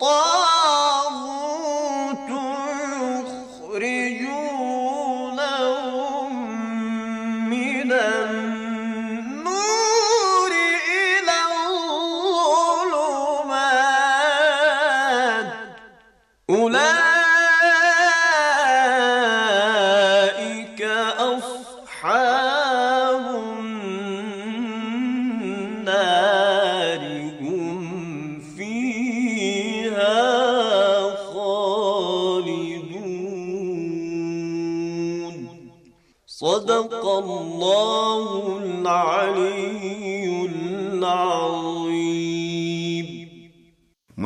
طالب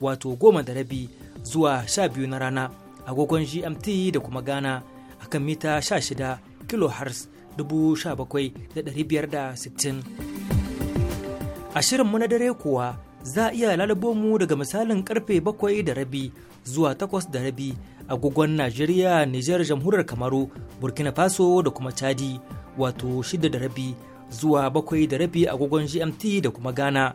wato goma da rabi zuwa sha biyu na rana agogon gmt da kuma ghana a kan mita sha sha shida, dubu bakwai da biyar da sittin. a shirinmu na dare kuwa za a iya lalabo mu daga misalin karfe bakwai da rabi zuwa takwas da rabi agogon najeriya nijar jamhuriyar kamaru burkina faso da kuma chadi wato shida da rabi zuwa bakwai da rabi agogon gmt da kuma ghana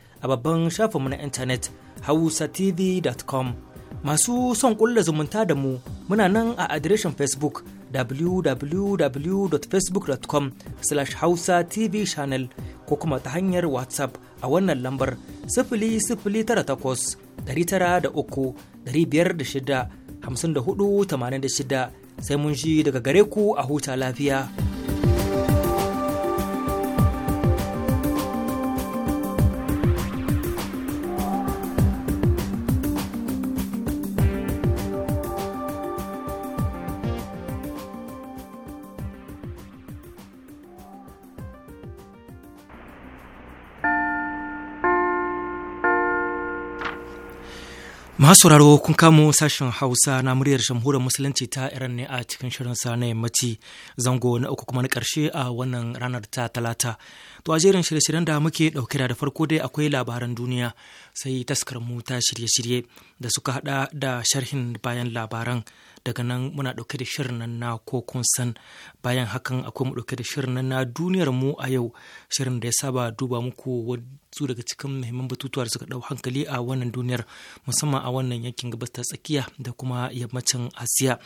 a babban shafinmu na intanet hausatv.com masu son kulla zumunta da mu muna nan a adireshin facebook www.facebook.com slash hausa tv channel ko kuma ta hanyar whatsapp a wannan lambar takwas, da uku, shida, hamsin da hudu, tamanin da shida sai mun ji daga gare ku a huta lafiya. masauraro sauraro kun kamo sashen Hausa na muryar jamhuriyar Musulunci ta Iran ne a cikin shirin sa na yammaci zango na uku kuma na karshe a wannan ranar ta talata. To a jerin shirye-shiryen da muke ɗauke da farko dai akwai labaran duniya sai taskar mu ta shirye-shirye da suka hada da sharhin bayan labaran. daga nan muna ɗauke da shirin nan na ko kun san bayan hakan akwai mu ɗauke da shirin nan na duniyar mu a yau shirin da ya saba duba muku wasu daga cikin muhimman batutuwa da suka ɗau hankali a wannan duniyar musamman a wannan yankin gabas ta tsakiya da kuma yammacin asiya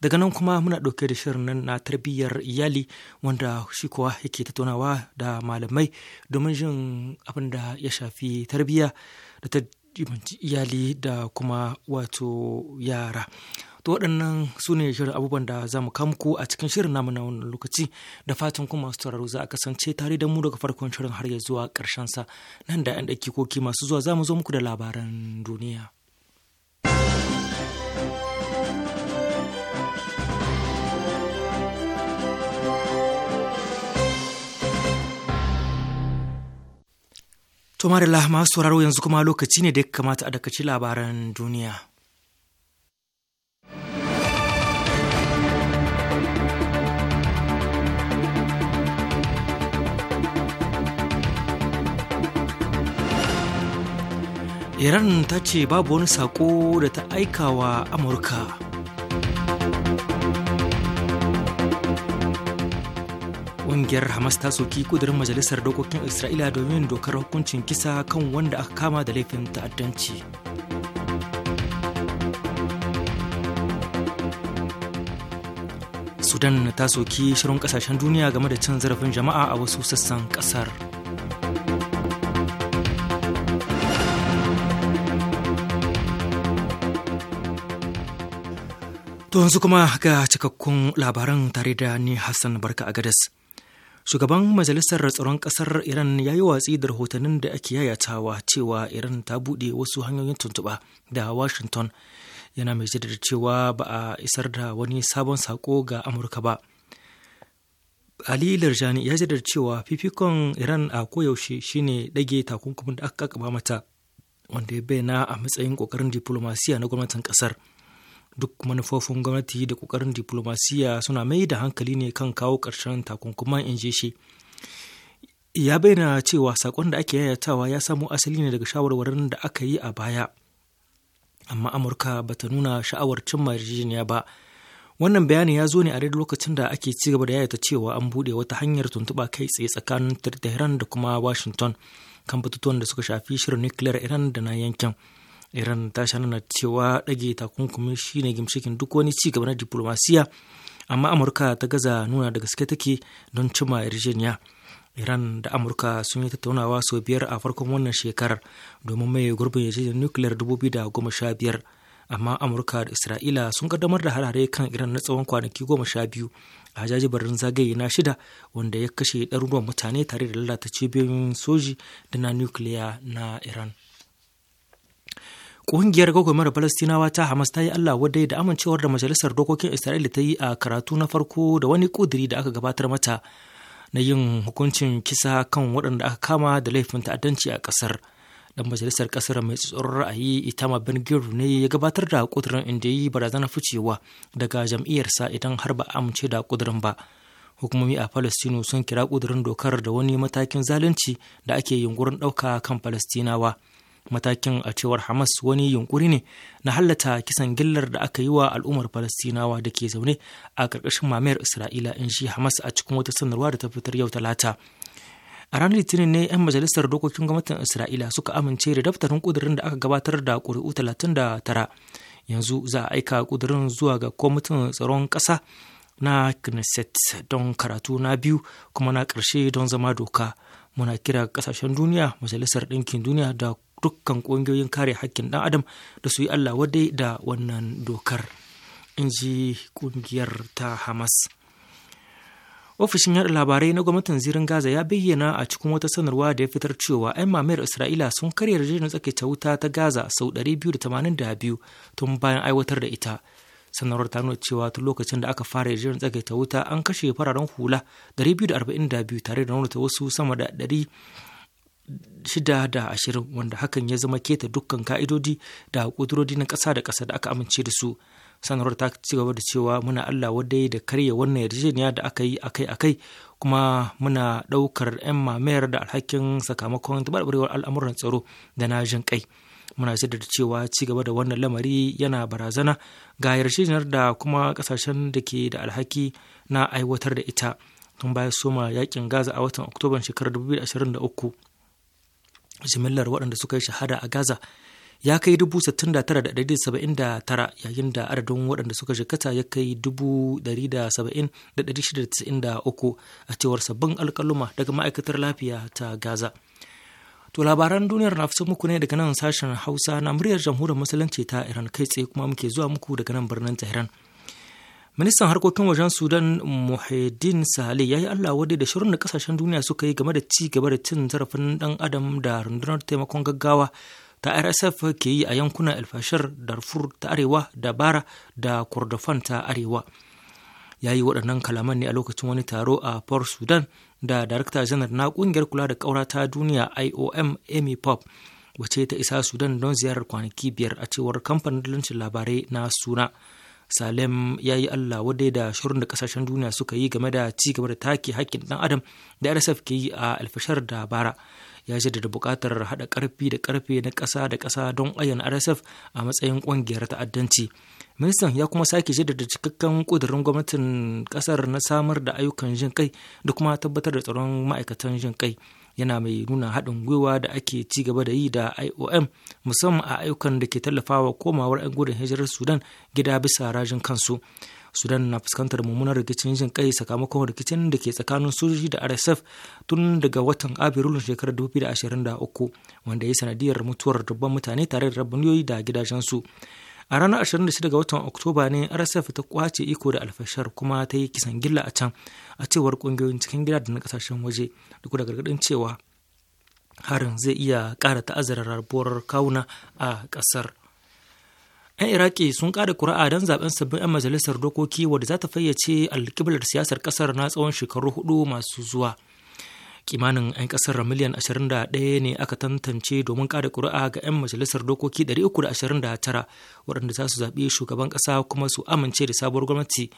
daga nan kuma muna ɗauke da shirin nan na tarbiyyar iyali wanda shi kuwa yake tattaunawa da malamai domin jin abin da ya shafi tarbiyya da ta iyali da kuma wato yara To waɗannan su ne shirin abubuwan da za mu muku a cikin shirin namu na wannan lokaci da fatan kuma masu tauraro za a kasance tare da mu daga farkon shirin har ya zuwa karshen sa nan da 'yan dakikoki masu zuwa za mu zo muku da labaran duniya. To da masu sauraro yanzu kuma lokaci ne da ya kamata a dakaci labaran duniya. iran ta ce babu wani sako da ta aika wa amurka ƙungiyar hamas ta soki kudurin majalisar dokokin isra'ila domin dokar hukuncin kisa kan wanda aka kama da laifin ta'addanci sudan ta soki shirin kasashen duniya game da cin zarafin jama'a a wasu sassan kasar To yanzu kuma ga cikakkun labaran tare da ni Hassan Barka a Shugaban Majalisar Tsaron Ƙasar Iran ya yi watsi da rahotannin da ake yayatawa cewa Iran ta buɗe wasu hanyoyin tuntuɓa da Washington yana mai jaddada cewa ba a isar da wani sabon sako ga Amurka ba. Ali Larjani ya jaddada cewa fifikon Iran a koyaushe shine dage takunkumin da aka kaba mata wanda ya bayyana a matsayin ƙoƙarin diplomasiya na gwamnatin ƙasar. duk manufofin gwamnati da kokarin diplomasiya suna mai da hankali ne kan kawo ƙarshen takunkuman in shi ya bayyana cewa sakon da ake yayatawa ya samo asali ne daga shawarwarin da aka yi a baya amma amurka ba ta nuna sha'awar cimma yarjejeniya ba wannan bayani ya zo ne a daidai lokacin da ake ci gaba da yayata cewa an bude wata hanyar tuntuɓa kai tsaye tsakanin tehran da kuma washington kan batutuwan da suka shafi shirin nuclear iran da na yankin iran ta sha cewa ɗage takunkumi shine gimshikin duk wani ci gaba na diplomasiya amma amurka ta gaza nuna da gaske take don cima yarjejeniya iran da amurka sun yi tattaunawa sau biyar a farkon wannan shekarar domin mai gurbin yarjejeniyar nukiliyar da biyar amma amurka da isra'ila sun kaddamar da harare kan iran na tsawon kwanaki goma sha biyu a jajibarin zagaye na shida wanda ya kashe ɗaruruwan mutane tare da lalata cibiyoyin soji da na nukiliya na iran Ƙungiyar gwagwarmar Falastinawa ta Hamas ta yi Allah wadai da amincewar da Majalisar Dokokin Isra'ila ta yi a karatu na farko da wani ƙudiri da aka gabatar mata na yin hukuncin kisa kan waɗanda aka kama da laifin ta'addanci a ƙasar. Dan majalisar ƙasar mai tsoron ra'ayi Itama Ben Gvir ne ya gabatar da ƙudurin inda ya yi barazanar ficewa daga jam'iyyarsa idan har ba amince da ƙudurin ba. Hukumomi a Falastinu sun kira ƙudurin dokar da wani matakin zalunci da ake yunkurin ɗauka kan Falastinawa. matakin a cewar hamas wani yunkuri ne na hallata kisan gillar da aka yi wa al'ummar falastinawa da ke zaune a ƙarƙashin mamayar isra'ila in shi hamas a cikin wata sanarwa da ta fitar yau talata a ranar litinin ne 'yan majalisar dokokin gwamnatin isra'ila suka amince da daftarin kudurin da aka gabatar da ƙuri'u 39 yanzu za a aika kudurin zuwa ga kwamitin tsaron ƙasa na knesset don karatu na biyu kuma na ƙarshe don zama doka muna kira ƙasashen duniya majalisar ɗinkin duniya da dukkan ƙungiyoyin kare hakkin ɗan adam da su yi allah wadai da wannan dokar in ji ƙungiyar ta hamas ofishin yaɗa labarai na gwamnatin zirin gaza ya bayyana a cikin wata sanarwa da ya fitar cewa 'yan mamayar isra'ila sun karya yarjejeniyar tsakaita wuta ta gaza sau 282 tun bayan aiwatar da ita sanarwar ta nuna cewa tun lokacin da aka fara yarjejeniyar tsakaita wuta an kashe fararen hula 242 tare da nuna wasu sama da 100 shida da ashirin wanda hakan ya zama keta dukkan ka'idodi da ƙudurodi na ƙasa da ƙasa da aka amince da su sanarwar ta ci gaba da cewa muna allah wadai da karya wannan yarjejeniya da aka yi akai akai kuma muna ɗaukar 'yan mamayar da alhakin sakamakon tabarbarewar al'amuran tsaro da na jin kai muna shaidar da cewa ci gaba da wannan lamari yana barazana ga yarjejeniyar da kuma ƙasashen da ke da alhaki na aiwatar da ita tun bayan soma yakin gaza a watan oktoban shekarar 2023 jimillar waɗanda suka yi shahada a gaza ya kai dubu sittin yayin da adadin waɗanda suka jikata ya kai dubu uku a cewar sabbin alƙaluma daga ma'aikatar lafiya ta gaza to labaran duniyar na fito muku ne daga nan sashen hausa na muryar jamhuriyar musulunci ta iran kai tsaye kuma muke zuwa muku daga nan birnin tehran Ministan harkokin wajen Sudan Muhyiddin sale ya yi Allah wadai da shirin da kasashen duniya suka yi game da ci gaba da cin zarafin dan adam da rundunar taimakon gaggawa ta RSF ke yi a yankunan Elfashar, Darfur ta Arewa, da Bara da Kordofan ta Arewa. Ya yi waɗannan kalaman ne a lokacin wani taro a Port Sudan da Darakta Janar na ƙungiyar kula da ƙaura ta duniya IOM Amy Pop wace ta isa Sudan don ziyarar kwanaki biyar a cewar kamfanin labarai na Suna. Salem ya yi Allah wadai da shirin da kasashen duniya suka yi game da ci gaba da take hakkin dan adam da RSF ke yi a alfashar da bara. Ya jaddada buƙatar haɗa ƙarfi da ƙarfe na ƙasa da ƙasa don ayyana RSF a matsayin ƙungiyar ta'addanci. Ministan ya kuma sake jaddada cikakken ƙudurin gwamnatin ƙasar na samar da ayyukan jin kai da kuma tabbatar da tsaron ma'aikatan jin kai. yana mai nuna haɗin gwiwa da ake ci gaba da yi da IOM musamman a ayyukan da ke tallafawa komawar 'yan gudun hijirar Sudan gida bisa rajin kansu. Sudan na fuskantar mummunar rikicin jin kai sakamakon rikicin da ke tsakanin sojoji da RSF tun daga watan Abirulun shekarar 2023 wanda ya sanadiyar mutuwar dubban mutane tare da rabaniyoyi da gidajensu. a ranar 26 ga watan oktoba ne rsf ta kwace iko da alfashar kuma ta yi kisan gilla a can a cewar kungiyoyin cikin gida da na kasashen waje duk da gargadin cewa harin zai iya kara ta'azzara rabuwar kawuna a kasar. 'yan iraki sun kada kura'a don zaben sabbin 'yan majalisar dokoki wadda za ta fayyace alkiblar siyasar kasar na tsawon shekaru hudu masu zuwa kimanin 'yan kasar miliyan 21 ne aka tantance domin kada kuri'a ga 'yan majalisar dokoki 329 waɗanda za su zaɓi shugaban ƙasa kuma su amince da sabuwar gwamnati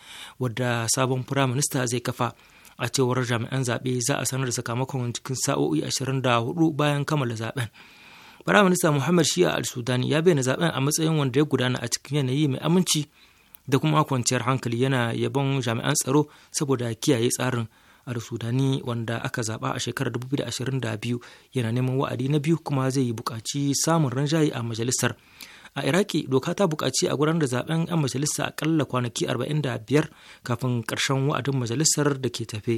wadda sabon firaminista zai kafa a cewar jami'an zaɓe za a sanar da sakamakon cikin sa'o'i 24 bayan kammala zaɓen firaminista muhammad shia al sudani ya bayyana zaɓen a matsayin wanda ya gudana a cikin yanayi mai aminci da kuma kwanciyar hankali yana yabon jami'an tsaro saboda kiyaye tsarin al-sudani wanda aka zaba a shekarar 2022 yana neman wa'adi na biyu kuma zai yi bukaci samun ranjayi a majalisar a iraki doka ta bukaci a gudanar da zaben 'yan majalisa akalla kwanaki 45 kafin karshen wa'adin majalisar da ke tafe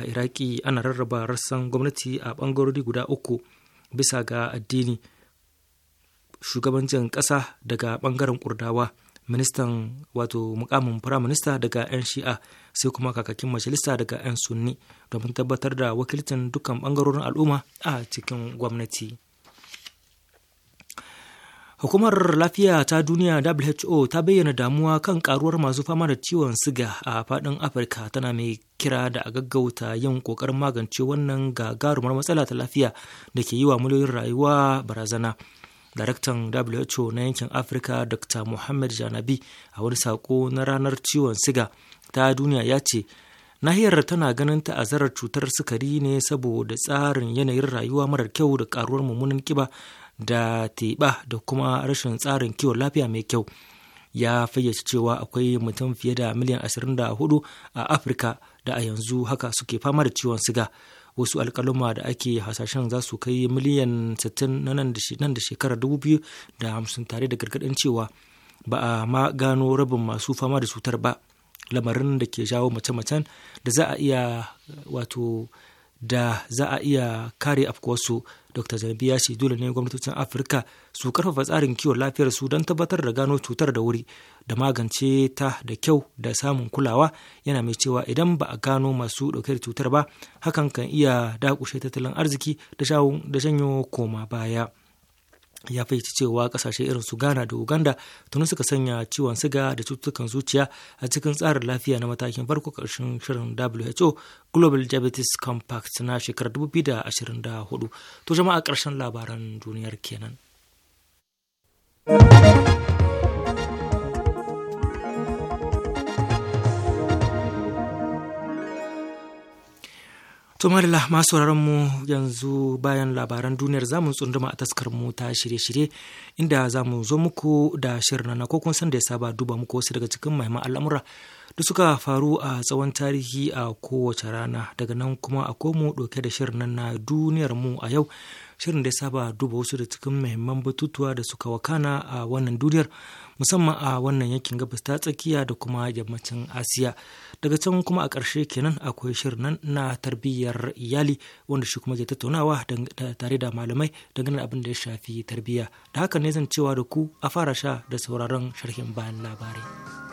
a iraki ana rarraba rassan gwamnati a bangarori guda uku bisa ga addini shugabancin ƙasa daga bangaren kurdawa ministan wato mukamin firaminista daga 'yan shi'a sai kuma kakakin majalisa daga 'yan sunni domin tabbatar da wakilcin dukkan bangarorin al'umma a cikin gwamnati hukumar lafiya ta duniya who ta bayyana damuwa kan karuwar masu fama da ciwon siga a fadin afirka tana mai kira da a gaggauta yin kokarin magance wannan gagarumar matsala ta lafiya da ke yi wa miliyoyin rayuwa barazana daraktan who na yankin afirka dr muhammad janabi a wani sako na ranar ciwon siga ta duniya ya ce nahiyar tana ganin ta'azarar cutar sukari ne saboda tsarin yanayin rayuwa marar kyau da karuwar mummunan kiba da teba da kuma rashin tsarin kiwon lafiya mai kyau ya fayyace cewa akwai mutum fiye da miliyan 24 a afirka da a yanzu haka suke fama da ciwon siga wasu alkaluma da ake hasashen za su kai miliyan 60 nan da shekarar 2050 tare da gargaɗin cewa ba a ma gano rabin masu fama da cutar ba lamarin da ke jawo mace-macen da za a iya wato da za a iya kare afkuwarsu dr zanabi ya ce dole ne gwamnatocin afirka su karfafa tsarin kiwon lafiyar su don tabbatar da gano cutar da wuri da magance ta da kyau da samun kulawa yana mai cewa idan ba a gano masu dauke da cutar ba hakan kan iya dakushe tattalin arziki da janyo koma baya ya fahimci cewa kasashe irin su ghana da uganda tuni suka sanya ciwon siga da cututtukan zuciya a cikin tsarin lafiya na matakin farko karshen shirin who global diabetes compact na shekarar 2024 to jama'a karshen labaran duniyar kenan Tumarila masu mu yanzu bayan labaran duniyar zamu tsunduma a taskar mu ta shirye-shirye inda zamu zo muku da shirin na ko san da ya saba duba muku wasu daga cikin mahimman al'amura da suka faru a tsawon tarihi a kowace rana daga nan kuma a komo ɗauke da shirin na duniyar mu a yau shirin da ya saba duba wasu da cikin mahimman batutuwa da suka wakana a wannan duniyar musamman a wannan yankin gabas ta tsakiya da kuma yammacin asiya daga can kuma a ƙarshe kenan akwai shirin nan na tarbiyyar iyali wanda shi kuma ke tattaunawa tare da malamai dangane da abin da ya shafi tarbiyya da haka ne zan cewa da ku a fara sha da sauraron sharhin bayan labarai.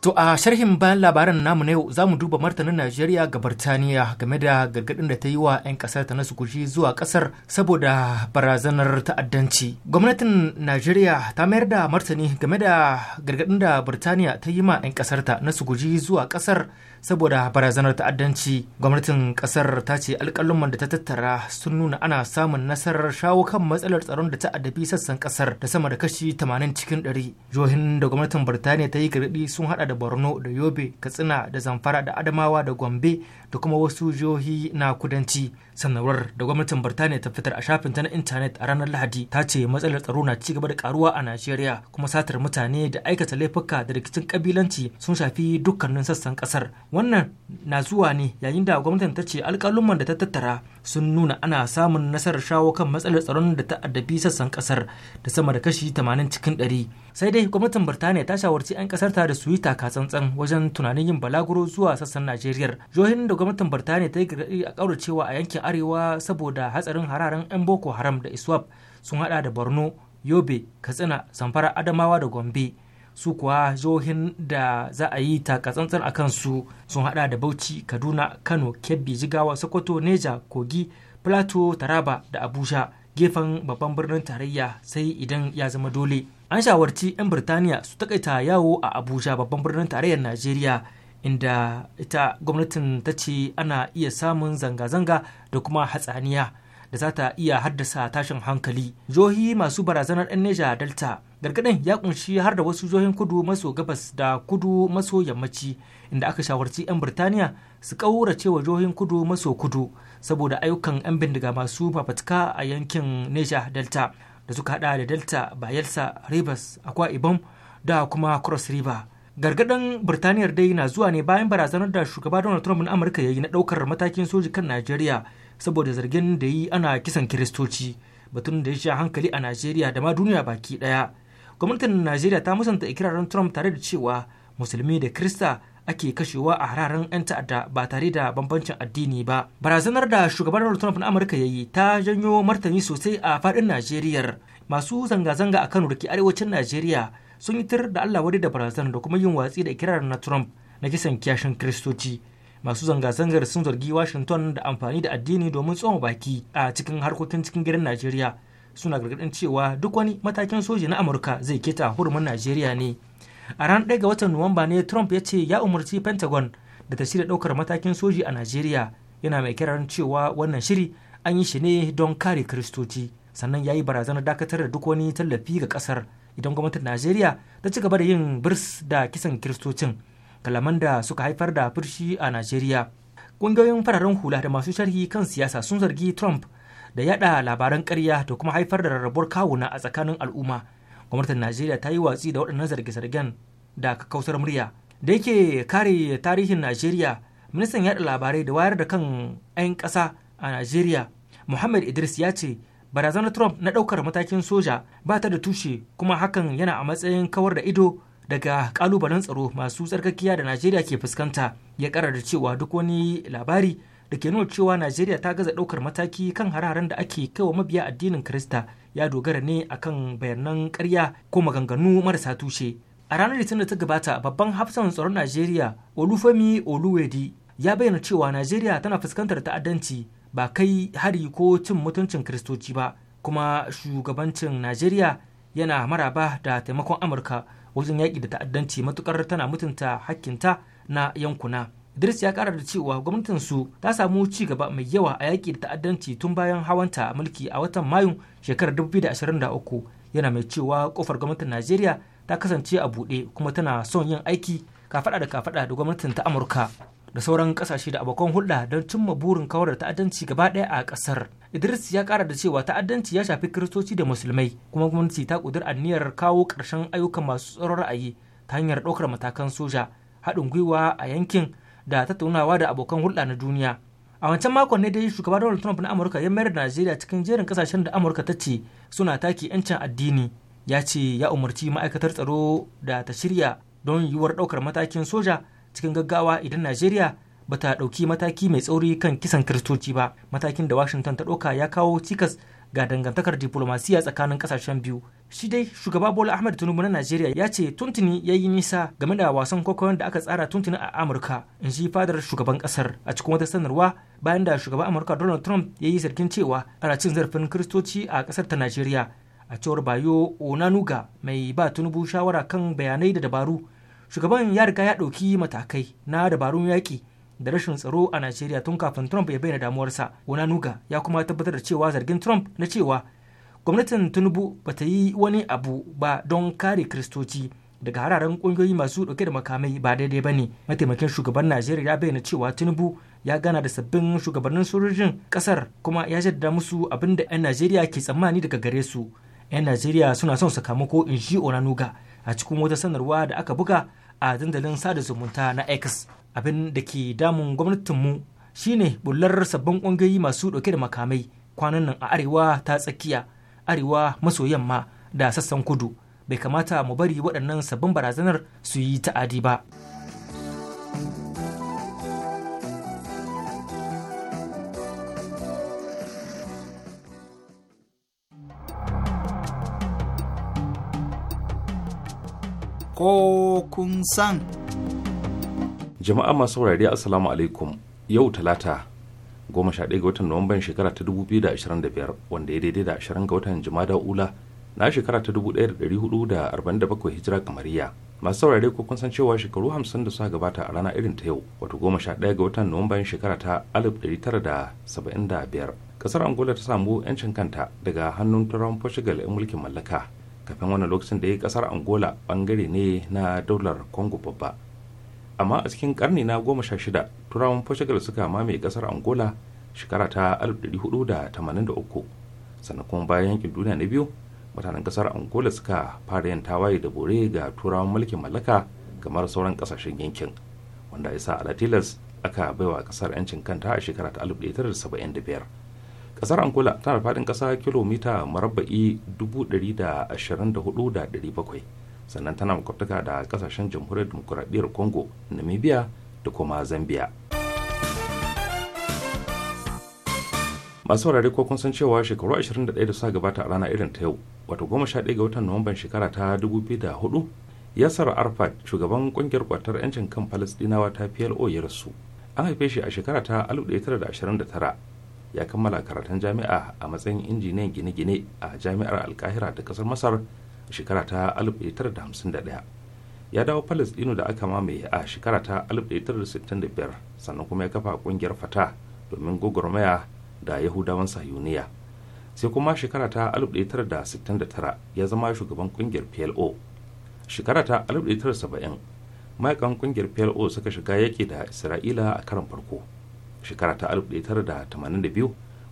To a sharhin bayan labaran namu na yau za mu duba martanin Najeriya ga Birtaniya game da gargaɗin da ta yi wa 'yan ƙasar ta na su guji zuwa ƙasar saboda barazanar ta'addanci. Gwamnatin Najeriya ta mayar da martani game da gargaɗin da Birtaniya ta yi ma 'yan ƙasar ta na su guji zuwa ƙasar saboda barazanar ta'addanci gwamnatin kasar ta ce alƙalumman da ta tattara sun nuna ana samun nasarar shawo kan matsalar tsaron da ta sassan kasar da sama da kashi 80 cikin 100 jihohin da gwamnatin birtaniya ta yi gargaɗi sun hada da borno da yobe katsina da zamfara da adamawa da gombe da kuma wasu jihohi na kudanci sanarwar da gwamnatin birtaniya ta fitar a shafin ta na intanet a ranar lahadi ta ce matsalar tsaro na ci gaba da karuwa a najeriya kuma satar mutane da aikata laifuka da rikicin kabilanci sun shafi dukkanin sassan kasar wannan na zuwa ne yayin da gwamnatin ta ce alkalumman da ta tattara sun nuna ana samun nasarar shawo kan matsalar tsaron da ta addabi sassan kasar da sama da kashi 80 cikin 100 sai dai gwamnatin birtaniya ta shawarci 'yan kasar ta da su yi taka tsantsan wajen tunanin yin balaguro zuwa sassan najeriya johin da gwamnatin birtaniya ta yi a cewa a yankin arewa saboda hatsarin hararen 'yan boko haram da iswap sun hada da borno yobe katsina zamfara adamawa da gombe su kuwa jihohin da za a yi takatsantsan a kansu sun hada da bauchi kaduna kano kebbi jigawa sokoto neja kogi plateau taraba da abuja gefen babban birnin tarayya sai idan ya zama dole an shawarci 'yan birtaniya su takaita yawo a abuja babban birnin tarayyar najeriya inda ita gwamnatin ta ce ana iya samun zanga-zanga da kuma hatsaniya da za ta iya haddasa tashin hankali jihohi masu barazanar 'yan neja delta gargaɗin ya ƙunshi har da wasu jihohin kudu maso gabas da kudu maso yammaci inda aka shawarci 'yan birtaniya su ƙaura cewa jihohin kudu maso kudu saboda ayyukan 'yan bindiga masu fafatka a yankin neja delta da suka haɗa da delta bayelsa rivers akwa ibom da kuma cross river gargadan birtaniyar dai na zuwa ne bayan barazanar da shugaba donald trump na amurka ya yi na daukar matakin soji kan najeriya saboda zargin da yi ana kisan kiristoci batun da ya sha hankali a najeriya da ma duniya baki daya gwamnatin najeriya ta musanta ikirarin trump tare da cewa musulmi da krista ake kashewa a hararen 'yan ta'adda ba tare da bambancin addini ba barazanar da shugaban donald trump na amurka ya yi ta janyo martani sosai a faɗin najeriya masu zanga-zanga a kano da ke arewacin najeriya sun yi tir da allah wadi da barazanar da kuma yin watsi da ikirarin na trump na kisan kiyashin kiristoci masu zanga-zangar sun zargi washington da amfani da addini domin tsoma baki a cikin harkokin cikin gidan najeriya suna gargadin cewa duk wani matakin soji na amurka zai keta hurumin najeriya ne a ran ɗaya ga watan nuwamba ne trump ya ce ya umarci pentagon da ta shirya daukar matakin soji a najeriya yana mai kiran cewa wannan shiri an yi shi ne don kare kiristoci sannan ya yi barazanar dakatar da duk wani tallafi ga kasar idan gwamnatin najeriya ta ci gaba da yin birs da kisan kiristocin kalaman da suka haifar da fushi a najeriya ƙungiyoyin fararen hula da masu sharhi kan siyasa sun zargi trump da yaɗa labaran ƙarya da kuma haifar da rarrabuwar kawuna a tsakanin al'umma gwamnatin najeriya ta yi watsi da waɗannan zarge-zargen da kausar murya da yake kare tarihin najeriya ministan yaɗa labarai da wayar da kan 'yan ƙasa a najeriya muhammad idris ya ce barazanar trump na ɗaukar matakin soja ba ta da tushe kuma hakan yana a matsayin kawar da ido daga kalubalen tsaro masu tsarkakiya da najeriya ke fuskanta ya kara da cewa duk wani labari da ke nuna cewa najeriya ta gaza ɗaukar mataki kan hararen da ake kai wa mabiya addinin Kirista ya dogara ne akan bayanan karya ko maganganu marasa tushe a ranar litinin da ta gabata babban hafsan tsaron najeriya olufemi oluwedi ya bayyana cewa najeriya tana fuskantar ta'addanci ba kai hari ko cin mutuncin kristoci ba kuma shugabancin najeriya yana maraba da taimakon amurka wajen yaƙi da ta'addanci matukar tana mutunta hakkinta na yankuna Idris ya kara da cewa gwamnatin su ta samu ci gaba mai yawa a yaƙi da ta'addanci tun bayan hawanta mulki a watan Mayu shekarar 2023 yana mai cewa kofar gwamnatin Najeriya ta kasance a buɗe kuma tana son yin aiki kafaɗa da kafaɗa da gwamnatin ta Amurka. da sauran kasashe da abokan hulɗa don cimma burin kawar da ta'addanci gaba ɗaya a ƙasar. Idris ya ƙara da cewa ta'addanci ya shafi kiristoci da musulmai kuma gwamnati ta ƙudur aniyar kawo ƙarshen ayyukan masu tsaron ra'ayi ta hanyar ɗaukar matakan soja haɗin gwiwa a yankin da tattaunawa da abokan hulɗa na duniya. a wancan makon ne dai shugaba donald trump na amurka ya mayar da najeriya cikin jerin kasashen da amurka ta ce suna take 'yancin addini ya ce ya umarci ma'aikatar tsaro da ta shirya don yiwuwar ɗaukar matakin soja cikin gaggawa idan najeriya ba ta ɗauki mataki mai tsauri kan kisan kiristoci ba matakin da washington ta ɗauka ya kawo cikas ga dangantakar diplomasiya tsakanin ƙasashen biyu shi dai shugaba bola ahmed tinubu na najeriya ya ce tuntuni ya yi nisa game da wasan kwakwayon da aka tsara tuntuni a amurka in shi fadar shugaban ƙasar a cikin wata sanarwa bayan da shugaban amurka donald trump ya yi zargin cewa ana cin zarafin kiristoci a ƙasar ta najeriya a cewar bayo onanuga mai ba tinubu shawara kan bayanai da dabaru shugaban ya riga ya ɗauki matakai na dabarun yaƙi da rashin tsaro a najeriya tun kafin trump ya bayyana damuwarsa wani nuga ya kuma tabbatar da cewa zargin trump na cewa gwamnatin tinubu ba ta yi wani abu ba don kare kristoci daga hararen ƙungiyoyi masu dauke da makamai ba daidai ba ne mataimakin shugaban najeriya ya bayyana cewa tinubu ya gana da sabbin shugabannin sojojin kasar kuma ya jaddada musu abin da 'yan najeriya ke tsammani daga gare su 'yan najeriya suna son sakamako in ji onanuga a cikin wata sanarwa da aka buga a dandalin sada zumunta na X. Abin da ke damun gwamnatinmu shine bullar sabbin ƙungiyoyi masu ɗauke da makamai kwanan nan a arewa ta tsakiya, arewa maso yamma da sassan kudu. Bai kamata mu bari waɗannan sabbin barazanar su yi ta'adi ba. ko kun san. Jama'a masu saurari Assalamu alaikum yau talata goma sha ɗaya ga watan Nuwamban shekara ta dubu biyu da ashirin da biyar wanda ya daidai da ashirin ga watan Jumada Ula na shekara ta dubu ɗaya da ɗari hudu da arba'in da bakwai hijira kamariya. Masu saurari ko kun san cewa shekaru hamsin da suka gabata a rana irin ta yau wato goma sha ɗaya ga watan Nuwamban shekara ta alif ɗari tara da saba'in da biyar. Kasar Angola ta samu 'yancin kanta daga hannun Turan Portugal 'yan mulkin mallaka. kafin wani lokacin da ya kasar angola bangare ne na daular congo babba amma a cikin karni na goma sha shida turawan portugal suka mamaye kasar angola shekara ta 1483 sannan kuma bayan yankin duniya na biyu mutanen kasar angola suka fara yin tawaye da bore ga turawan mulkin mallaka kamar sauran kasashen yankin wanda ya sa alatilas aka baiwa kasar 'yancin kanta a shekara ta 1975 kasar angola tana da faɗin ƙasa kilomita marabba'i 124,700 sannan tana makwabtaka da kasashen jamhuriyar demokuraɗiyyar congo namibia da kuma zambia masu wurare ko kun san cewa shekaru 21 da suka gabata a rana irin ta yau wato 11 ga watan nuwamban shekara ta 2004 yasar arfat shugaban kungiyar kwatar 'yancin kan palestinawa ta plo ya rasu an haife shi a shekara ta 1929 ya kammala karatun jami'a a matsayin injiniyan gine-gine a jami'ar alkahira ta kasar masar a shekara ta 1951 ya dawo palestino da aka mamaye a shekara ta 1965 sannan kuma ya kafa kungiyar fata domin gwagwarmaya da yahudawan sayuniya sai kuma shekara ta 1969 ya zama shugaban kungiyar plo shekara ta 1970 mayakan kungiyar plo suka shiga yaƙi da isra'ila a karan farko shekara ta 1982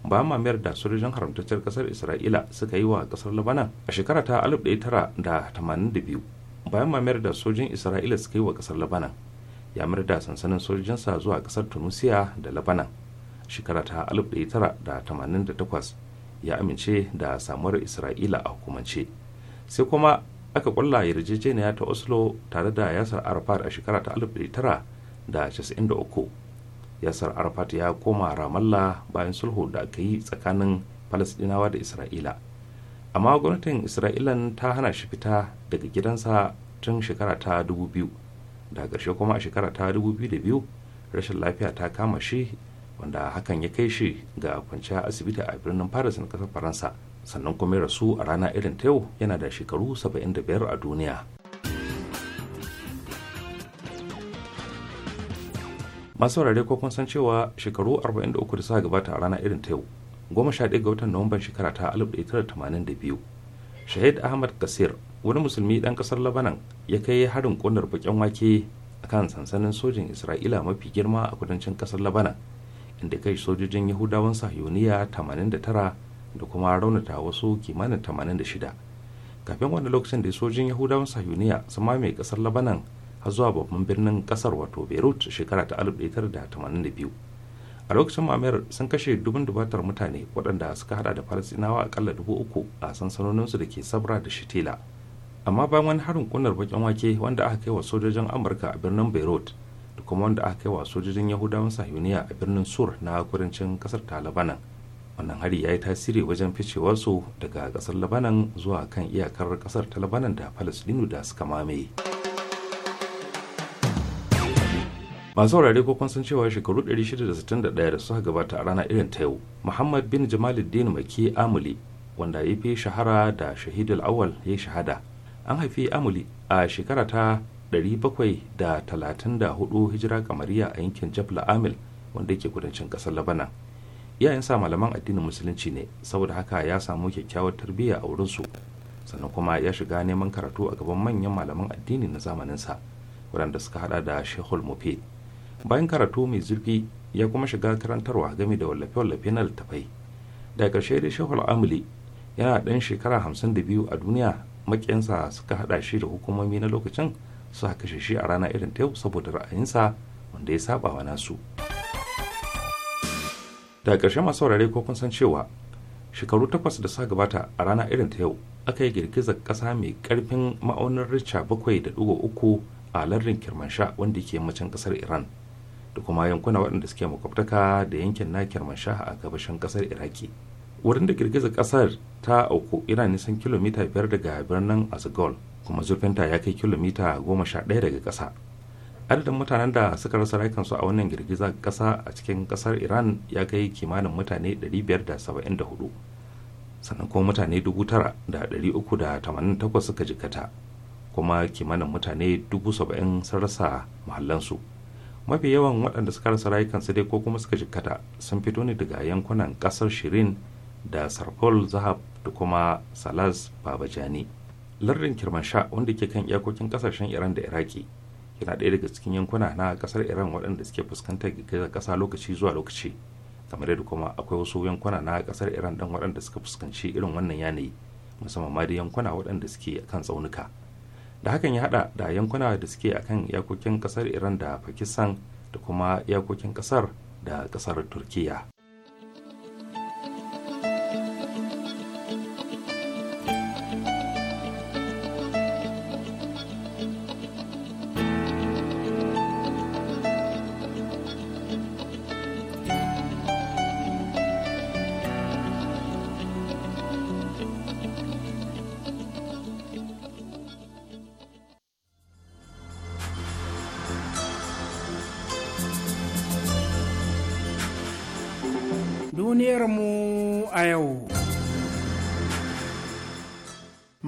bayan mamayar da sojojin haramtacciyar kasar isra'ila suka yi wa kasar labanan a shekara ta 1982 bayan mamayar da sojojin isra'ila suka yi wa kasar labanan ya mayar da sansanin sojojinsa zuwa kasar tunisia da labanan shekara ta 1988 ya amince da samuwar isra'ila a hukumance sai kuma aka kulla yarjejeniya ta oslo tare da yasar arafat a shekara ta 1993 yasar arafat ya koma ramallah bayan sulhu da aka yi tsakanin falasdinawa da isra'ila amma gwamnatin isra'ilan ta hana shi fita daga gidansa tun shekara ta 2000 da ƙarshe kuma a shekara ta 2002 rashin lafiya ta kama shi wanda hakan ya kai shi ga kwanciya asibiti a birnin paris na ƙasar faransa sannan kuma ya rasu a rana irin ta yau yana da shekaru 75 a duniya masu wurare ko kun san cewa shekaru 43 da suka gabata a rana irin ta yau goma sha ɗaya ga watan nuwamban shekara ta 1982 shahid ahmad kasir wani musulmi dan ƙasar labanan ya kai harin ƙunar baƙin wake a kan sansanin sojin isra'ila mafi girma a kudancin kasar labanan inda kai sojojin yahudawan sahiyoniya 89 da kuma raunata wasu kimanin 86 kafin wani lokacin da sojin yahudawan sahiyoniya su mamaye kasar labanan har zuwa babban birnin kasar wato beirut shekara ta 1982 a lokacin mamayar sun kashe dubin dubatar mutane waɗanda suka hada da falasinawa akalla dubu uku a su da ke sabra da shitila amma bayan wani harin kunar bakin wake wanda aka kai wa sojojin amurka a birnin beirut da kuma wanda aka kai wa sojojin yahudawan sahiyuniya a birnin sur na kudancin kasar ta labanan wannan hari ya yi tasiri wajen ficewarsu daga kasar labanan zuwa kan iyakar kasar ta labanan da falasdinu da suka mamaye. masu saurare ko kun san cewa shekaru 661 da suka gabata a rana irin ta yau muhammad bin jamaluddin maki amuli wanda ya fi shahara da shahidul awal ya shahada an haifi amuli a shekara ta 734 hijira kamariya a yankin jabla amil wanda ke kudancin kasar labanan iyayensa malaman addinin musulunci ne saboda haka ya samu kyakkyawar tarbiyya a wurinsu sannan kuma ya shiga neman karatu a gaban manyan malaman addini na zamaninsa waɗanda suka hada da shehul mufid bayan karatu mai zurfi ya kuma shiga karantarwa game da wallafe-wallafe na littafai da ƙarshe da shehul amuli yana ɗan shekara hamsin da biyu a duniya maƙiyansa suka haɗa shi da hukumomi na lokacin su kashe shi a rana irin ta yau saboda ra'ayinsa wanda ya saba wa nasu da ƙarshe masu saurare ko kun san cewa shekaru takwas da sa gabata a rana irin ta yau aka yi girgizar ƙasa mai ƙarfin ma'aunin richa bakwai da ɗigo uku a lardin kirmansha wanda ke yammacin ƙasar iran da kuma yankuna waɗanda suke makwabtaka da yankin na kermansha a gabashin ƙasar iraki wurin da girgiza ƙasar ta auku yana nisan kilomita biyar daga birnin asgol kuma zurfinta ya kai kilomita goma sha ɗaya daga ƙasa adadin mutanen da suka rasa rayukansu a wannan girgizar ƙasa a cikin ƙasar iran ya kai kimanin mutane 574 sannan kuma mutane 9,388 suka jikata kuma kimanin mutane 70,000 sun rasa mahallansu mafi yawan waɗanda suka rasa rayukansu dai ko kuma suka jikkata sun fito ne daga yankunan ƙasar shirin da sarpol zahab da kuma salas babajani lardin kirmansha wanda ke kan iyakokin ƙasashen iran da iraki yana ɗaya daga cikin yankuna na ƙasar iran waɗanda suke fuskantar girgizar ƙasa lokaci zuwa lokaci kamar yadda kuma akwai wasu yankuna na ƙasar iran ɗan waɗanda suka fuskanci irin wannan yanayi musamman ma da yankuna waɗanda suke kan tsaunuka da hakan ya hada da yankuna da suke akan iyakokin kasar iran da pakistan da kuma iyakokin kasar da kasar turkiya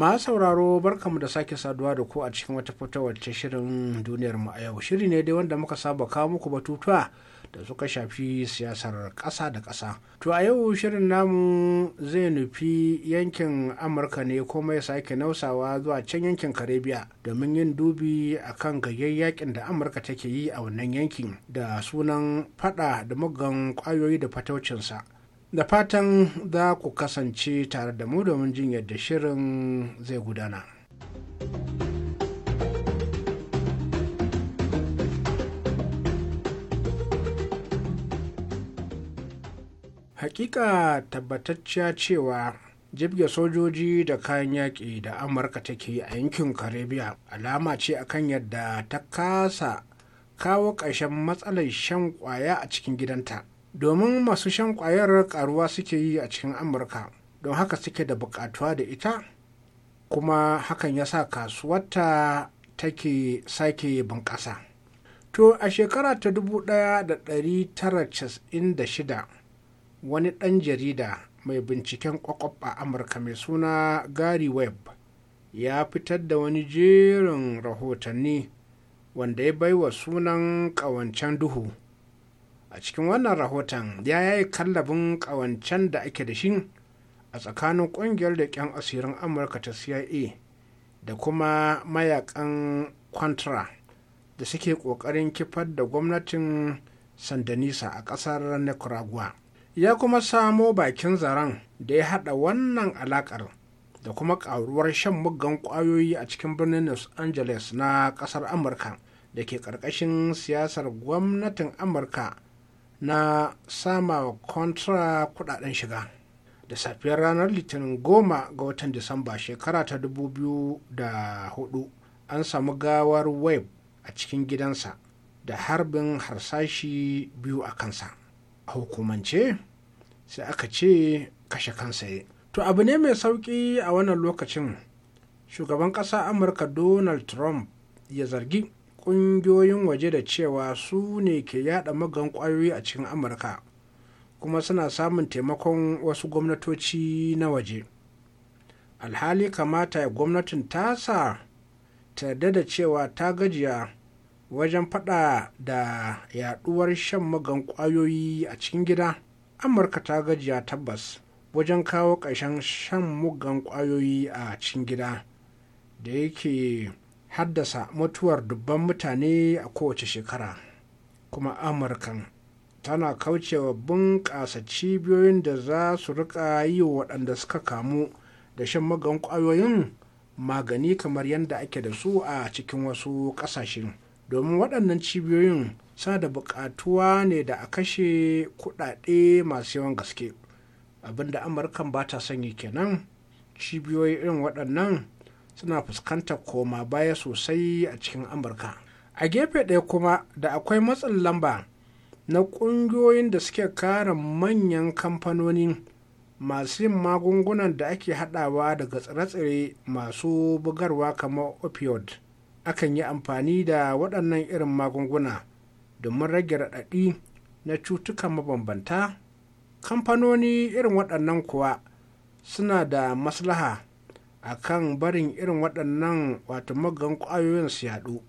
ma sauraro barkamu da sake saduwa da ku a cikin wata fatawar ta shirin duniyar mu a yau shiri ne dai wanda muka saba kawo muku batutuwa da suka shafi siyasar ƙasa da ƙasa to a yau shirin namu zai nufi yankin amurka ne ko ya sake nausawa zuwa can yankin karibiya domin yin dubi a kan yakin da amurka take yi a wannan yankin da sunan fada da muggan kwayoyi da fataucinsa da fatan za ku kasance tare da mu domin jin yadda shirin zai gudana. Hakika tabbatacciya cewa jibge sojoji da kayan yaƙi da Amurka take a yankin Karibiya alama ce akan yadda ta kasa kawo ƙarshen matsalar shan ƙwaya a cikin gidanta. domin masu shan ƙwayar karuwa suke yi a cikin amurka don haka suke da buƙatuwa da ita kuma hakan ya sa kasuwarta take sake bunƙasa to a shekara ta 1996 wani ɗan jarida mai binciken ƙwaƙwaf a amurka mai suna gary webb ya fitar da wani jerin rahotanni wanda ya baiwa sunan ƙawancen duhu a cikin wannan rahoton ya yi kallabin ƙawancen da ake da shi a tsakanin ƙungiyar leƙen asirin amurka ta cia da kuma mayakan contra da suke ƙoƙarin kifar da gwamnatin sandanisa a ƙasar nicaragua ya kuma samo bakin zaren da ya haɗa wannan alaƙar da kuma ƙaruwar shan muggan ƙwayoyi a cikin birnin los angeles na ƙasar amurka da ke ƙarƙashin siyasar gwamnatin amurka na sama wa kontra kudaden shiga da safiyar ranar litinin goma ga watan disamba shekara ta dubu biyu da hudu an samu gawar web a cikin gidansa da harbin harsashi biyu a kansa a hukumance sai aka ce kashe kansa ya to abu ne mai sauƙi a wannan lokacin shugaban ƙasa amurka donald trump ya zargi ƙungiyoyin waje da cewa su ne ke yada magan kwayoyi a cikin amurka kuma suna samun taimakon wasu gwamnatoci na waje alhali kamata gwamnatin tasa ta yarda da cewa ta gajiya wajen fada da yaduwar shan magan kwayoyi a cikin gida amurka ta gajiya tabbas wajen kawo ƙarshen shan mugan kwayoyi a cikin gida da yake haddasa mutuwar dubban mutane a kowace shekara kuma amurkan tana kaucewa bunƙasa cibiyoyin da za su rika yi wa waɗanda suka kamu da shan magan ƙwayoyin magani kamar yadda ake da su a cikin wasu ƙasashe domin waɗannan cibiyoyin sa da buƙatuwa ne da a kashe kuɗaɗe masu yawan gaske abinda amurkan ba ta sanyi kenan cibiyoyi irin waɗannan suna fuskantar koma baya sosai a cikin amurka a gefe ɗaya kuma da akwai matsin lamba na ƙungiyoyin da suke kare manyan kamfanoni masu yin magungunan da ake haɗawa daga tsire-tsire masu bugarwa kamar opioid akan yi amfani da waɗannan irin magunguna domin rage raɗaɗi na cutuka mabambanta kamfanoni irin waɗannan kuwa suna da maslaha a kan barin irin waɗannan wato magan ƙwayoyin su yaɗu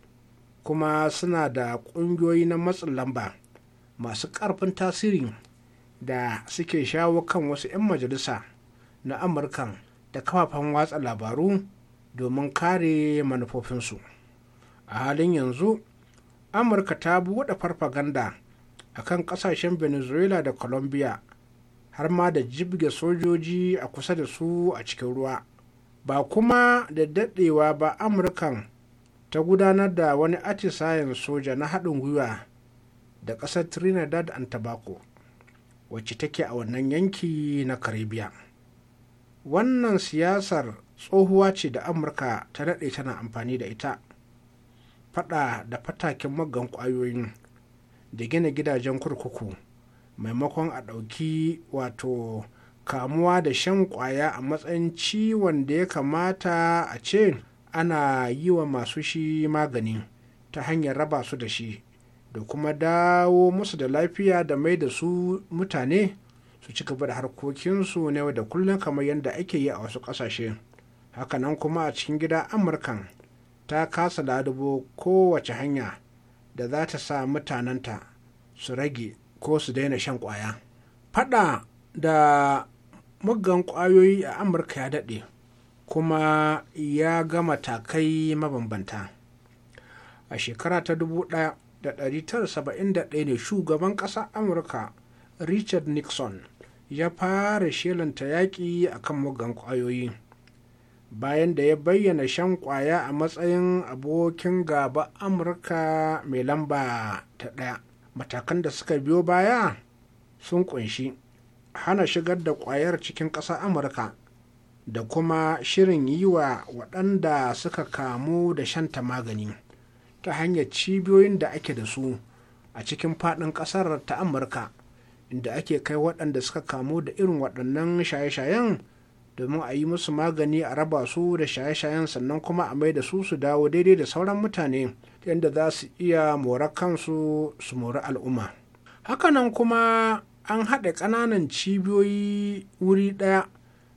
kuma suna da ƙungiyoyi na matsin lamba masu ƙarfin tasiri da suke shawo kan wasu 'yan majalisa na amurka da kafafen watsa labaru domin kare manufofinsu a halin yanzu amurka ta buɗe farfaganda a kan ƙasashen venezuela da colombia har ma da jibge sojoji a kusa da su a cikin ruwa ba kuma da daɗewa ba amurkan ta gudanar da wani atisayen soja na haɗin gwiwa da ƙasar trinidad and tobago wacce take a wannan yanki na caribbean wannan siyasar tsohuwa ce da amurka ta daɗe tana amfani da ita faɗa da fatakin magan ƙwayoyin da gina gidajen kurkuku maimakon a ɗauki wato kamuwa da shan kwaya a matsayin ciwon da ya kamata a ce ana yi wa masu shi magani ta hanyar raba su da shi da kuma dawo musu da lafiya da mai da su mutane su ci gaba da harkokinsu na yau da kullum kamar yadda ake yi a wasu ƙasashe hakanan kuma a cikin gida amurkan ta kasa ladubo kowace hanya da za ta sa mutanenta su rage ko su daina shan kwaya. Faɗa da muggan ƙwayoyi a amurka ya daɗe kuma ya ga matakai mabambanta a shekara ta 1971 ne shugaban ƙasar amurka richard nixon ya fara shelanta yaƙi a kan muggan ƙwayoyi bayan da ya bayyana shan ƙwaya a matsayin abokin gaba amurka mai lamba ta ɗaya matakan da suka biyo baya sun kunshi hana shigar da kwayar cikin ƙasar amurka da kuma shirin yi wa waɗanda suka kamu da shanta magani ta hanyar cibiyoyin da ake da su a cikin faɗin ƙasar ta amurka inda ake kai waɗanda suka kamu da irin waɗannan shaye-shayen domin a yi musu magani a raba su da shaye-shayen sannan kuma a mai da su su dawo daidai da sauran mutane yadda za su iya mora kansu su mori al'umma hakanan kuma an haɗe ƙananan cibiyoyi wuri ɗaya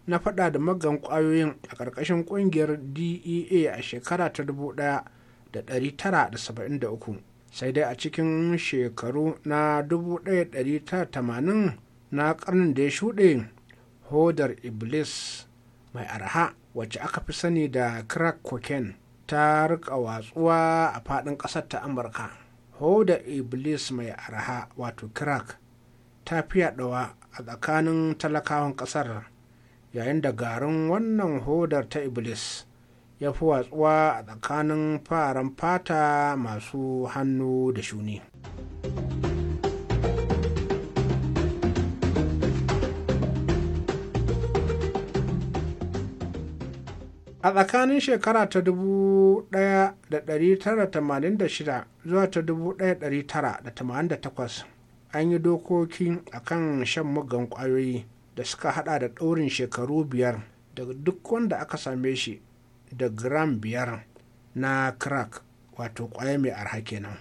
na faɗa da magan ƙwayoyin a ƙarƙashin ƙungiyar dea a shekara ta 1973 sai dai a cikin shekaru na 1980 na ƙarnin da ya shuɗe hodar iblis mai arha wacce aka fi sani da crack cocaine ta rika watsuwa a faɗin ƙasar ta amurka hodar iblis mai arha wato crack ta fi yaɗawa a tsakanin talakawan ƙasar yayin da garin wannan hodar ta iblis ya fi watsuwa a tsakanin faran fata masu hannu da shuni. a tsakanin shekara ta 1986 zuwa ta 1988 an yi dokoki a kan shan magan kwayoyi da suka hada da ɗaurin shekaru biyar da duk wanda aka same shi da gram biyar na crack wato kwaya mai arha kenan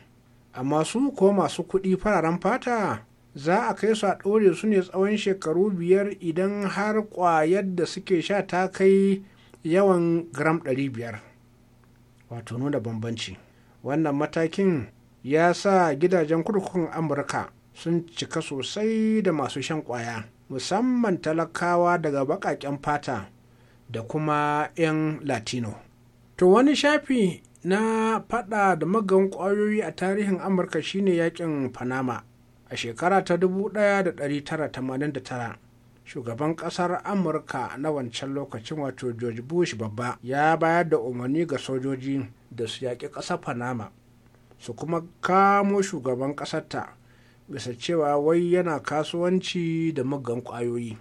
amma su ko masu kuɗi fararen fata za a kai su a ɗore su ne tsawon shekaru biyar idan har kwayar da suke sha ta kai yawan gram 500 wato nuna bambanci wannan matakin ya sa gidajen kurkukun amurka sun cika sosai da masu shan kwaya musamman talakawa daga baƙaƙen fata da kuma 'yan latino to wani shafi na fada da magan kwayoyi a tarihin amurka shine yakin panama a shekara ta 1989 shugaban kasar amurka na wancan lokacin wato george bush babba ya bayar da umarni ga sojoji da su yaƙi ƙasar panama su kuma kamo shugaban ƙasarta bisa cewa wai yana kasuwanci da muggan kwayoyi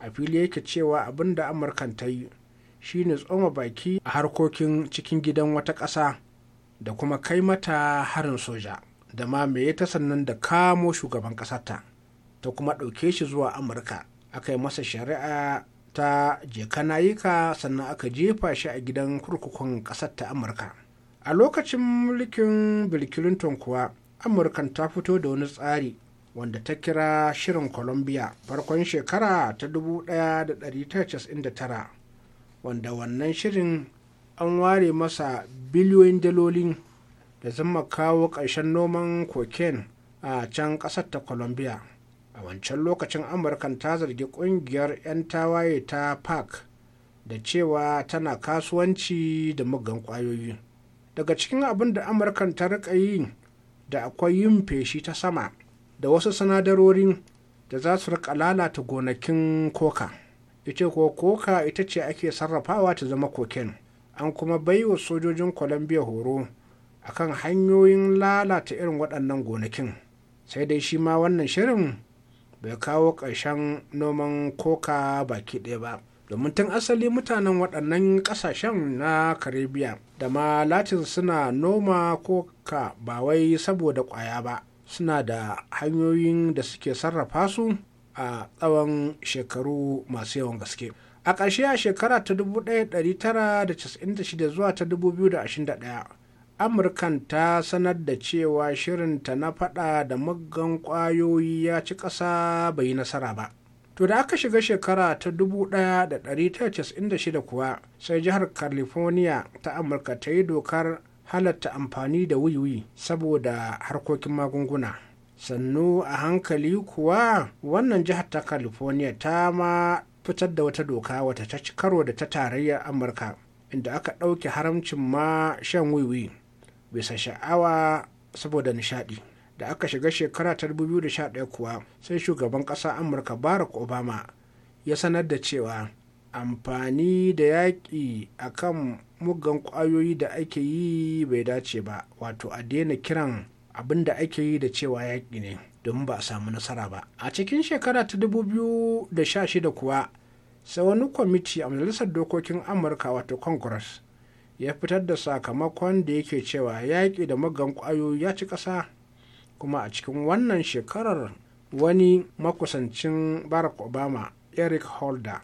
a fili yake cewa abin da amurkan ta yi shine tsoma baki a harkokin cikin gidan wata ƙasa da kuma kai mata harin soja da ma me ta sannan da kamo shugaban ƙasarta ta kuma ɗauke shi zuwa amurka aka yi masa shari'a ta jekanayika sannan aka jefa shi a gidan kurkukun ƙasar ta amurka a lokacin mulkin bill kuwa amurkan ta fito da wani tsari wanda ta kira shirin colombia farkon shekara ta 1999 wanda wannan shirin an ware masa biliyoyin dalolin da zama kawo ƙarshen noman cocaine a can ƙasar ta colombia a wancan lokacin amurkan ta zargi ƙungiyar 'yan tawaye ta park da cewa tana kasuwanci da mugan ƙwayoyi daga cikin abin da amurkan ta rika yi da akwai yin feshi ta sama da wasu sinadarorin da za su rika lalata gonakin koka ita ko koka ita ce ake sarrafawa ta zama koken an kuma baiwa sojojin colombia horo akan hanyoyin lalata irin waɗannan gonakin sai dai shi ma wannan shirin bai kawo ƙarshen noman koka baki ɗaya ba domin tun asali mutanen waɗannan ƙasashen na karibiya da ma latin suna noma koka ba wai saboda ƙwaya ba suna da hanyoyin da suke sarrafa su a tsawon shekaru masu yawan gaske a ƙarshe a shekara ta 1996 zuwa ta 2021 amurkan ta sanar da cewa shirinta na faɗa da muggan ƙwayoyi ya ci ƙasa bai yi nasara ba to da aka shiga shekara ta 1996 kuwa sai jihar california ta amurka ta yi dokar halatta amfani da wiwi saboda harkokin magunguna sannu a hankali kuwa wannan jihar ta california ta ma fitar da wata doka wata ta ci karo da ta tarayyar amurka inda aka ɗauke haramcin ma shan wiwi bisa sha'awa saboda nishaɗi da aka shiga shekara ta 2011 kuwa sai shugaban ƙasa amurka barack obama ya sanar da cewa amfani da yaƙi a kan muggan ƙwayoyi da ake yi bai dace ba wato a daina kiran abin da ake yi da cewa yaƙi ne domin ba a samu nasara ba a cikin shekara ta 2016 kuwa sai wani kwamiti a majalisar dokokin amurka wato congress ya fitar da sakamakon da yake cewa yaƙi da muggan ƙwayoyi ya ci ƙasa kuma a cikin wannan shekarar wani makusancin barack obama eric holder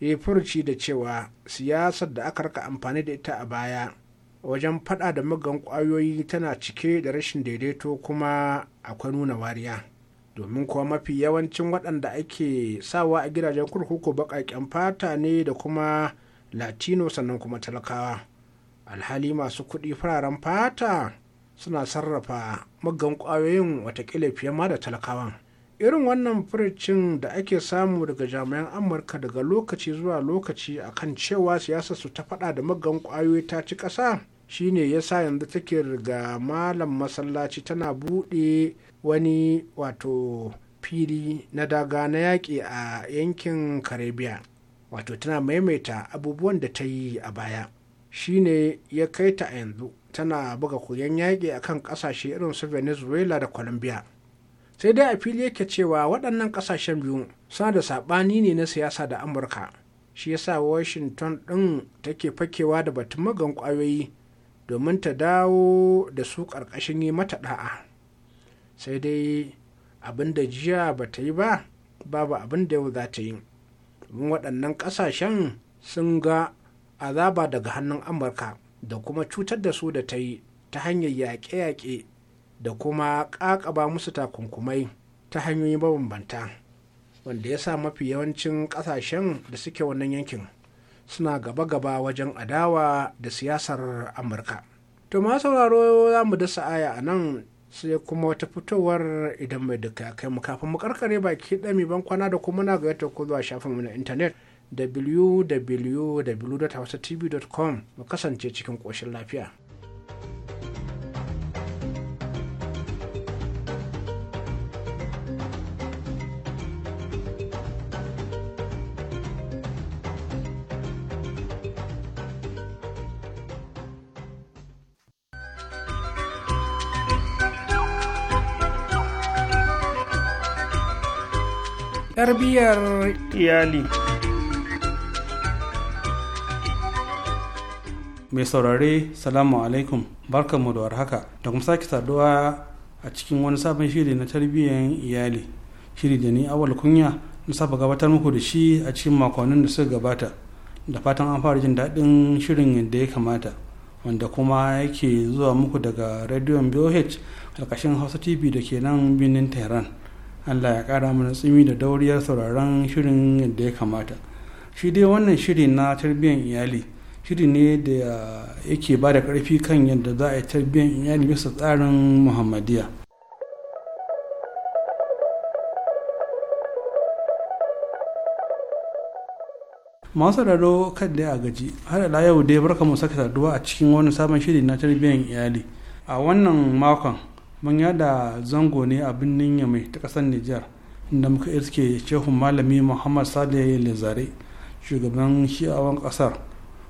ya furci da cewa siyasar da aka raka amfani da ita a baya wajen fada da magan kwayoyi tana cike da rashin daidaito kuma akwai nuna wariya domin kuwa mafi yawancin waɗanda ake sawa a gidajen kurkuku baƙaƙen fata ne da kuma latino sannan kuma talakawa alhali masu kuɗi fararen fata suna sarrafa maggan kwayoyin watakila fiye ma da talakawan irin wannan furicin da ake samu daga jami'an amurka daga lokaci zuwa lokaci a kan cewa siyasa su ta faɗa da maggan kwayoyi ta ci ƙasa shine sa yanzu take riga malam masallaci tana buɗe wani wato fili na daga na yaƙi a yankin karibiya wato tana maimaita abubuwan da ta yi a baya shine ya kai ta a yanzu tana buga koyon yaƙi a kan ƙasashe irin su venezuela da colombia sai dai a fili yake cewa waɗannan ƙasashen biyu suna da saɓani ne na siyasa da amurka shi yasa washington ɗin take fakewa da batun magan ƙwayoyi domin ta dawo da su ƙarƙashin yi mata ɗa'a sai dai abin da jiya ba ta yi ba babu abin da yau za ta yi waɗannan ƙasashen sun ga azaba daga hannun amurka da kuma cutar da su da ta yi ta hanyar yaƙe-yaƙe da kuma ƙaƙaba musu takunkumai ta hanyoyi mabambanta wanda ya sa mafi yawancin ƙasashen da suke wannan yankin suna gaba-gaba wajen adawa da siyasar amurka to ma sauraro za mu dasa aya a nan sai kuma wata fitowar idan mai duka kai mu kafin mu karkare baki ɗami ban kwana da kuma na ga yadda ko zuwa shafin mu na intanet www.hausatv.com mu kasance cikin ƙoshin lafiya. tarbiyyar iyali. mai saurare salamu alaikum barkanmu da warhaka da kuma sake saduwa a cikin wani sabon shiri na tarbiyyar iyali shiri da ni awal kunya na saba gabatar muku da shi a cikin makonnin da suka gabata da fatan an fara jin daɗin shirin yadda ya kamata wanda kuma yake zuwa muku daga rediyon BOH karkashin Hausa TV da ke nan birnin Tehran. Allah ya kara mana tsimi da dauriyar sauraron shirin yadda ya kamata. Shi dai wannan shiri na tarbiyyar iyali shiri ne da yake ba da karfi kan yadda za a yi tarbiyyar iyali bisa tsarin muhammadiya masu raro kan da ya gaji har da yau dai barka mu saka saduwa a cikin wani sabon shiri na tarbiyyar iyali a wannan makon mun yada zango ne a birnin yamai ta kasar nijar inda muka iske shehun malami muhammad salih lezare shugaban shi'awan kasar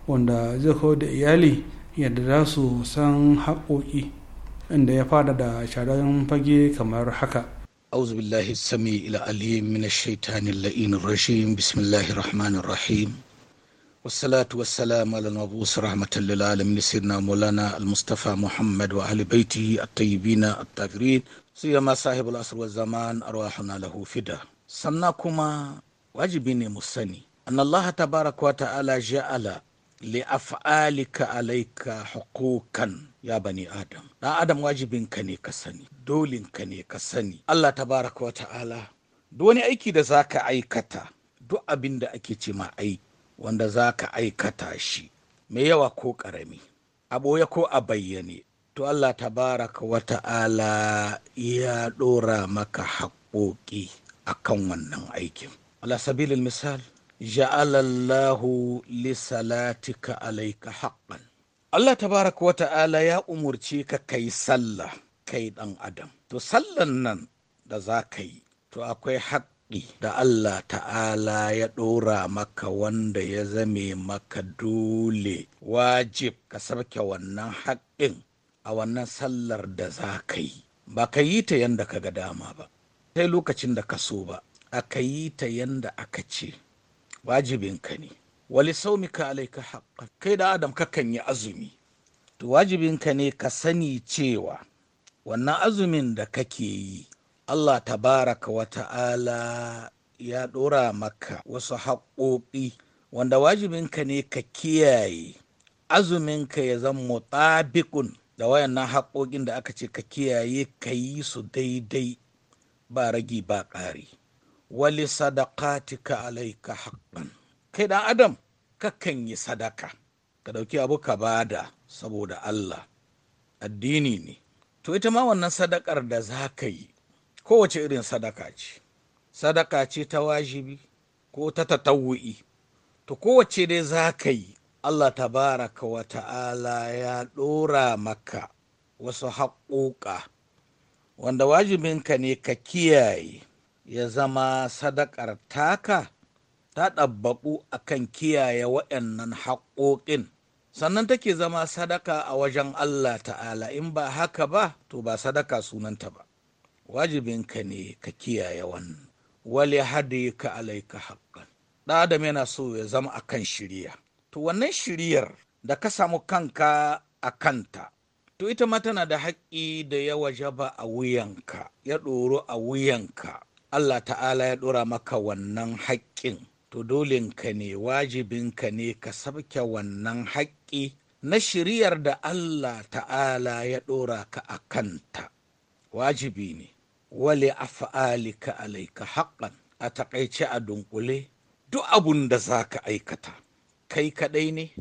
wanda zai kawo da iyali yadda za su san haƙoƙi inda ya fada da sharan fage kamar haka أعوذ بالله السميع العليم من الشيطان اللئيم الرجيم بسم الله الرحمن الرحيم والصلاة والسلام على المبعوث رحمة للعالمين سيدنا مولانا المصطفى محمد وأهل بيته الطيبين الطاهرين سيما صاحب العصر والزمان أرواحنا له فدا سنكما واجبين مسني أن الله تبارك وتعالى جعل li'af'alika alaika hukukan ya bani adam ɗan adam wajibinka ne ka sani dolinka ne ka sani allah tabaraka wa ta'ala duk wani aiki da za ka aikata duk abin da ake ce ma aiki wanda za ka aikata shi mai yawa ko ƙarami a ɓoye ko a bayyane to allah tabaraka wa ta'ala ya ɗora maka haƙoƙi akan wannan aikin ala sabilin misal ja'alallahu lisalatika alaika haqqan Allah tabaraka wa ta'ala ya umarci ka kai sallah kai ɗan adam to sallan nan da za ka yi to akwai haƙƙi da Allah ta'ala ya ɗora maka wanda ya zame maka dole wajib ka sabke wannan haƙƙin a wannan sallar da za ka yi ba ka yi ta yanda ka ga dama ba sai lokacin da ka so ba aka yi ta yanda aka ce wajibinka ne wali ka alaika haƙa. kai da adam kakan yi azumi to wajibinka ne ka sani cewa wannan azumin da kake yi Allah tabaraka wa ta'ala ya ɗora maka wasu haƙoƙi wanda wajibin ka ne ka kiyaye azuminka ya zama mutabikun da wayannan haƙoƙin da aka ce ka kiyaye ka yi su daidai ba ragi ba ƙari wali sadaqatika alaika haqqan kai dan adam kakan yi sadaka ka ɗauki abu ka bada saboda Allah addini ne to ita ma wannan sadakar da za ka yi kowace irin sadaka ce sadaka ce ta wajibi ko ta tatawu'i to kowace dai za ka yi Allah tabaraka wa ta'ala ya ɗora maka wasu haƙoƙa wanda wajibinka ne ka kiyaye ya zama sadakar taka ta ɗabbaƙu a kan kiyaye waɗannan haƙoƙin sannan take zama sadaka a wajen Allah ta'ala in ba haka ba to ba sadaka sunanta ba wajibin ka ne ka kiyaye wannan wale ka alaika haƙƙan ɗadam yana so ya zama a kan shirya to wannan shiryar da ka samu kanka a kanta to ita ma tana da haƙƙi da ya wajaba a wuyanka ya ɗoro a wuyanka Allah ta'ala ya ɗora maka wannan haƙƙin to ka ne wajibinka ne ka sabke wannan haƙƙi na shiriyar da Allah ta'ala ya ɗora ka a kanta wajibi ne wale af'alika alaika haƙƙan a taƙaice a dunƙule duk abun da za ka aikata kai kaɗai ne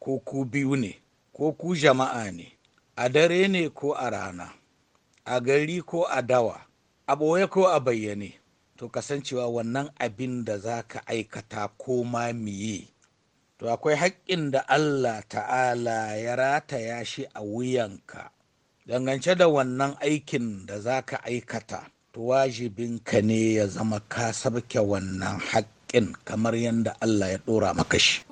ko ku biyu ne ko ku jama'a ne a dare ne ko a rana a gari ko a dawa a ɓoye ko a bayyane to kasancewa wannan abin da za ka aikata ko ma miye to akwai haƙƙin da allah ta'ala ya rataya shi a wuyanka dangance da wannan aikin da za ka aikata to wajibin ka ne ya zama ka sabke wannan haƙƙin kamar yadda allah ya ɗora maka shi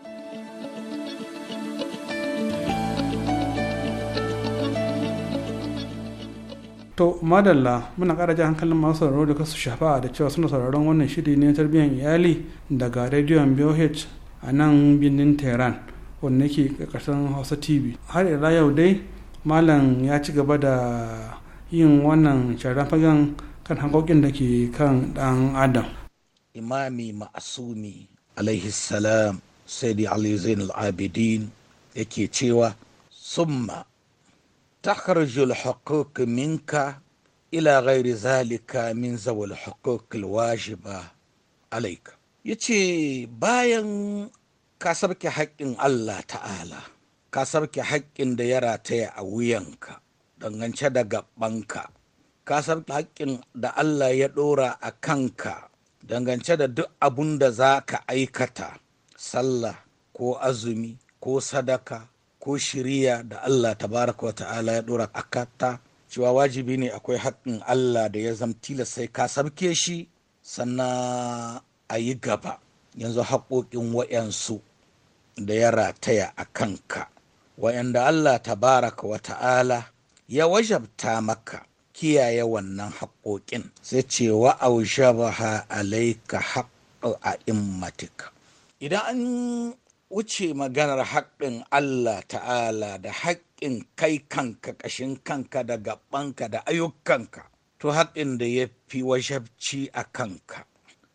to madalla muna kara ji hankalin masu sauraro da kasu shafa'a da cewa suna sauraron wannan shiri ne tarbiyyar iyali daga rediyon BOH a nan birnin Tehran wanda yake karkashin Hausa TV har ila yau dai malam ya ci gaba da yin wannan sharan fagen kan hankokin da ke kan dan adam imami ma'asumi alaihi salam sayyidi ali zainul abidin yake cewa summa takharjul haquq minka ila ghairi zalika min zawal haquq wajiba alaika yace bayan ka sarki haƙƙin Allah ta'ala ka sarki haƙƙin da ya rataya a wuyanka dangance da gabanka ka sarki haƙƙin da Allah ya ɗora a kanka dangance da duk abun da za ka aikata sallah ko azumi ko sadaka ko shiriya da Allah tabaraka wa ta'ala ya dora akata cewa wajibi ne akwai haƙƙin Allah da ya zamtila sai ka sabke shi sannan a yi gaba yanzu haƙoƙin wa'yansu da ya rataya a kanka wa'yanda Allah tabaraka wa ta'ala ya wajabta maka kiyaye wannan haƙoƙin sai ce wa aushabaha alaika haƙƙo a immatika idan an wuce maganar haƙƙin Allah ta'ala da haƙƙin kai kanka ƙashin kanka da gabanka da ayyukanka to haƙƙin da ya fi wajabci a kanka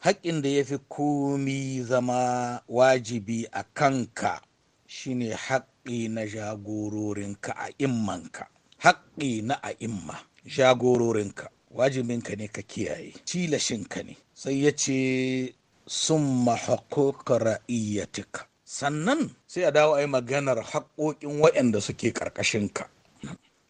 haƙƙin da ya fi komi zama wajibi a kanka shine haƙƙi na jagororinka a immanka haƙƙi na a imma jagororinka wajibinka ne ka kiyaye tilashinka ne sai ya ce summa haƙoƙa ra'iyyatika sannan sai a dawo a yi maganar haƙoƙin waɗanda suke ƙarƙashinka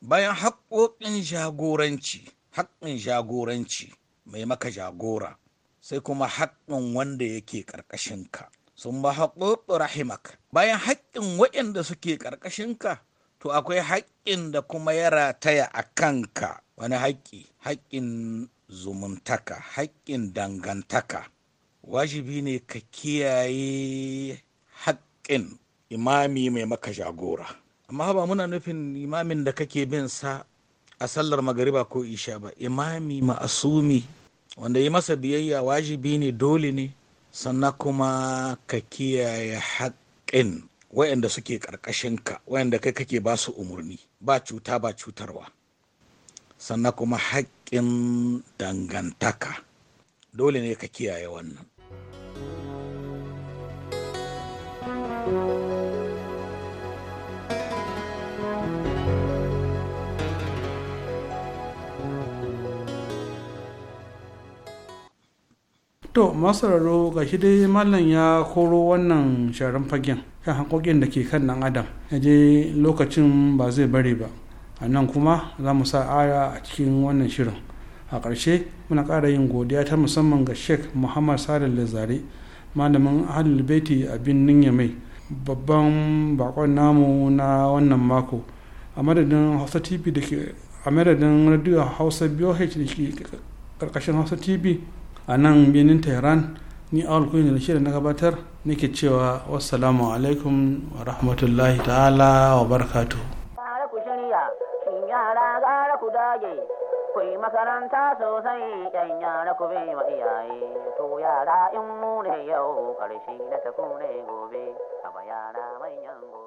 bayan haƙoƙin jagoranci haƙƙin jagoranci mai maka jagora sai kuma haƙƙin wanda yake ƙarƙashinka sun ba haƙoƙi rahimak bayan haƙƙin waɗanda suke ƙarƙashin ka, to akwai haƙƙin da kuma ya rataya a kanka wani haƙƙi haƙƙin zumuntaka haƙƙin dangantaka wajibi ne ka kiyaye muƙin imami mai maka jagora amma ba muna nufin imamin da kake bin sa a sallar magariba ko isha ba imami ma'asumi wanda yi masa biyayya wajibi ne dole ne sannan kuma ka kiyaye haƙƙin wayanda suke ƙarƙashinka wayanda kai kake ba su umarni ba cuta ba cutarwa sannan kuma haƙƙin dangantaka dole ne ka kiyaye wannan to masararo ga shi dai mallam ya koro wannan sharan fagen kan hankokin da ke kan nan adam ya je lokacin ba zai bari ba a nan kuma za mu sa aya a cikin wannan shirin a ƙarshe muna ƙara yin godiya ta musamman ga sheikh muhammad salih lazare malamin ahlul a birnin yamai babban bakon namu na wannan mako a madadin hausa tv da ke a madadin radio hausa boh da ke ƙarƙashin hausa tv a nan birnin tehran ni awal kuyin da shirin na gabatar nake cewa wassalamu alaikum wa rahmatullahi ta'ala wa barkatu. Kuyi makaranta sosai yan yara ku bai wa iyaye to yara in mu ne yau ƙarshe na tafi ne gobe a yara manyan gobe.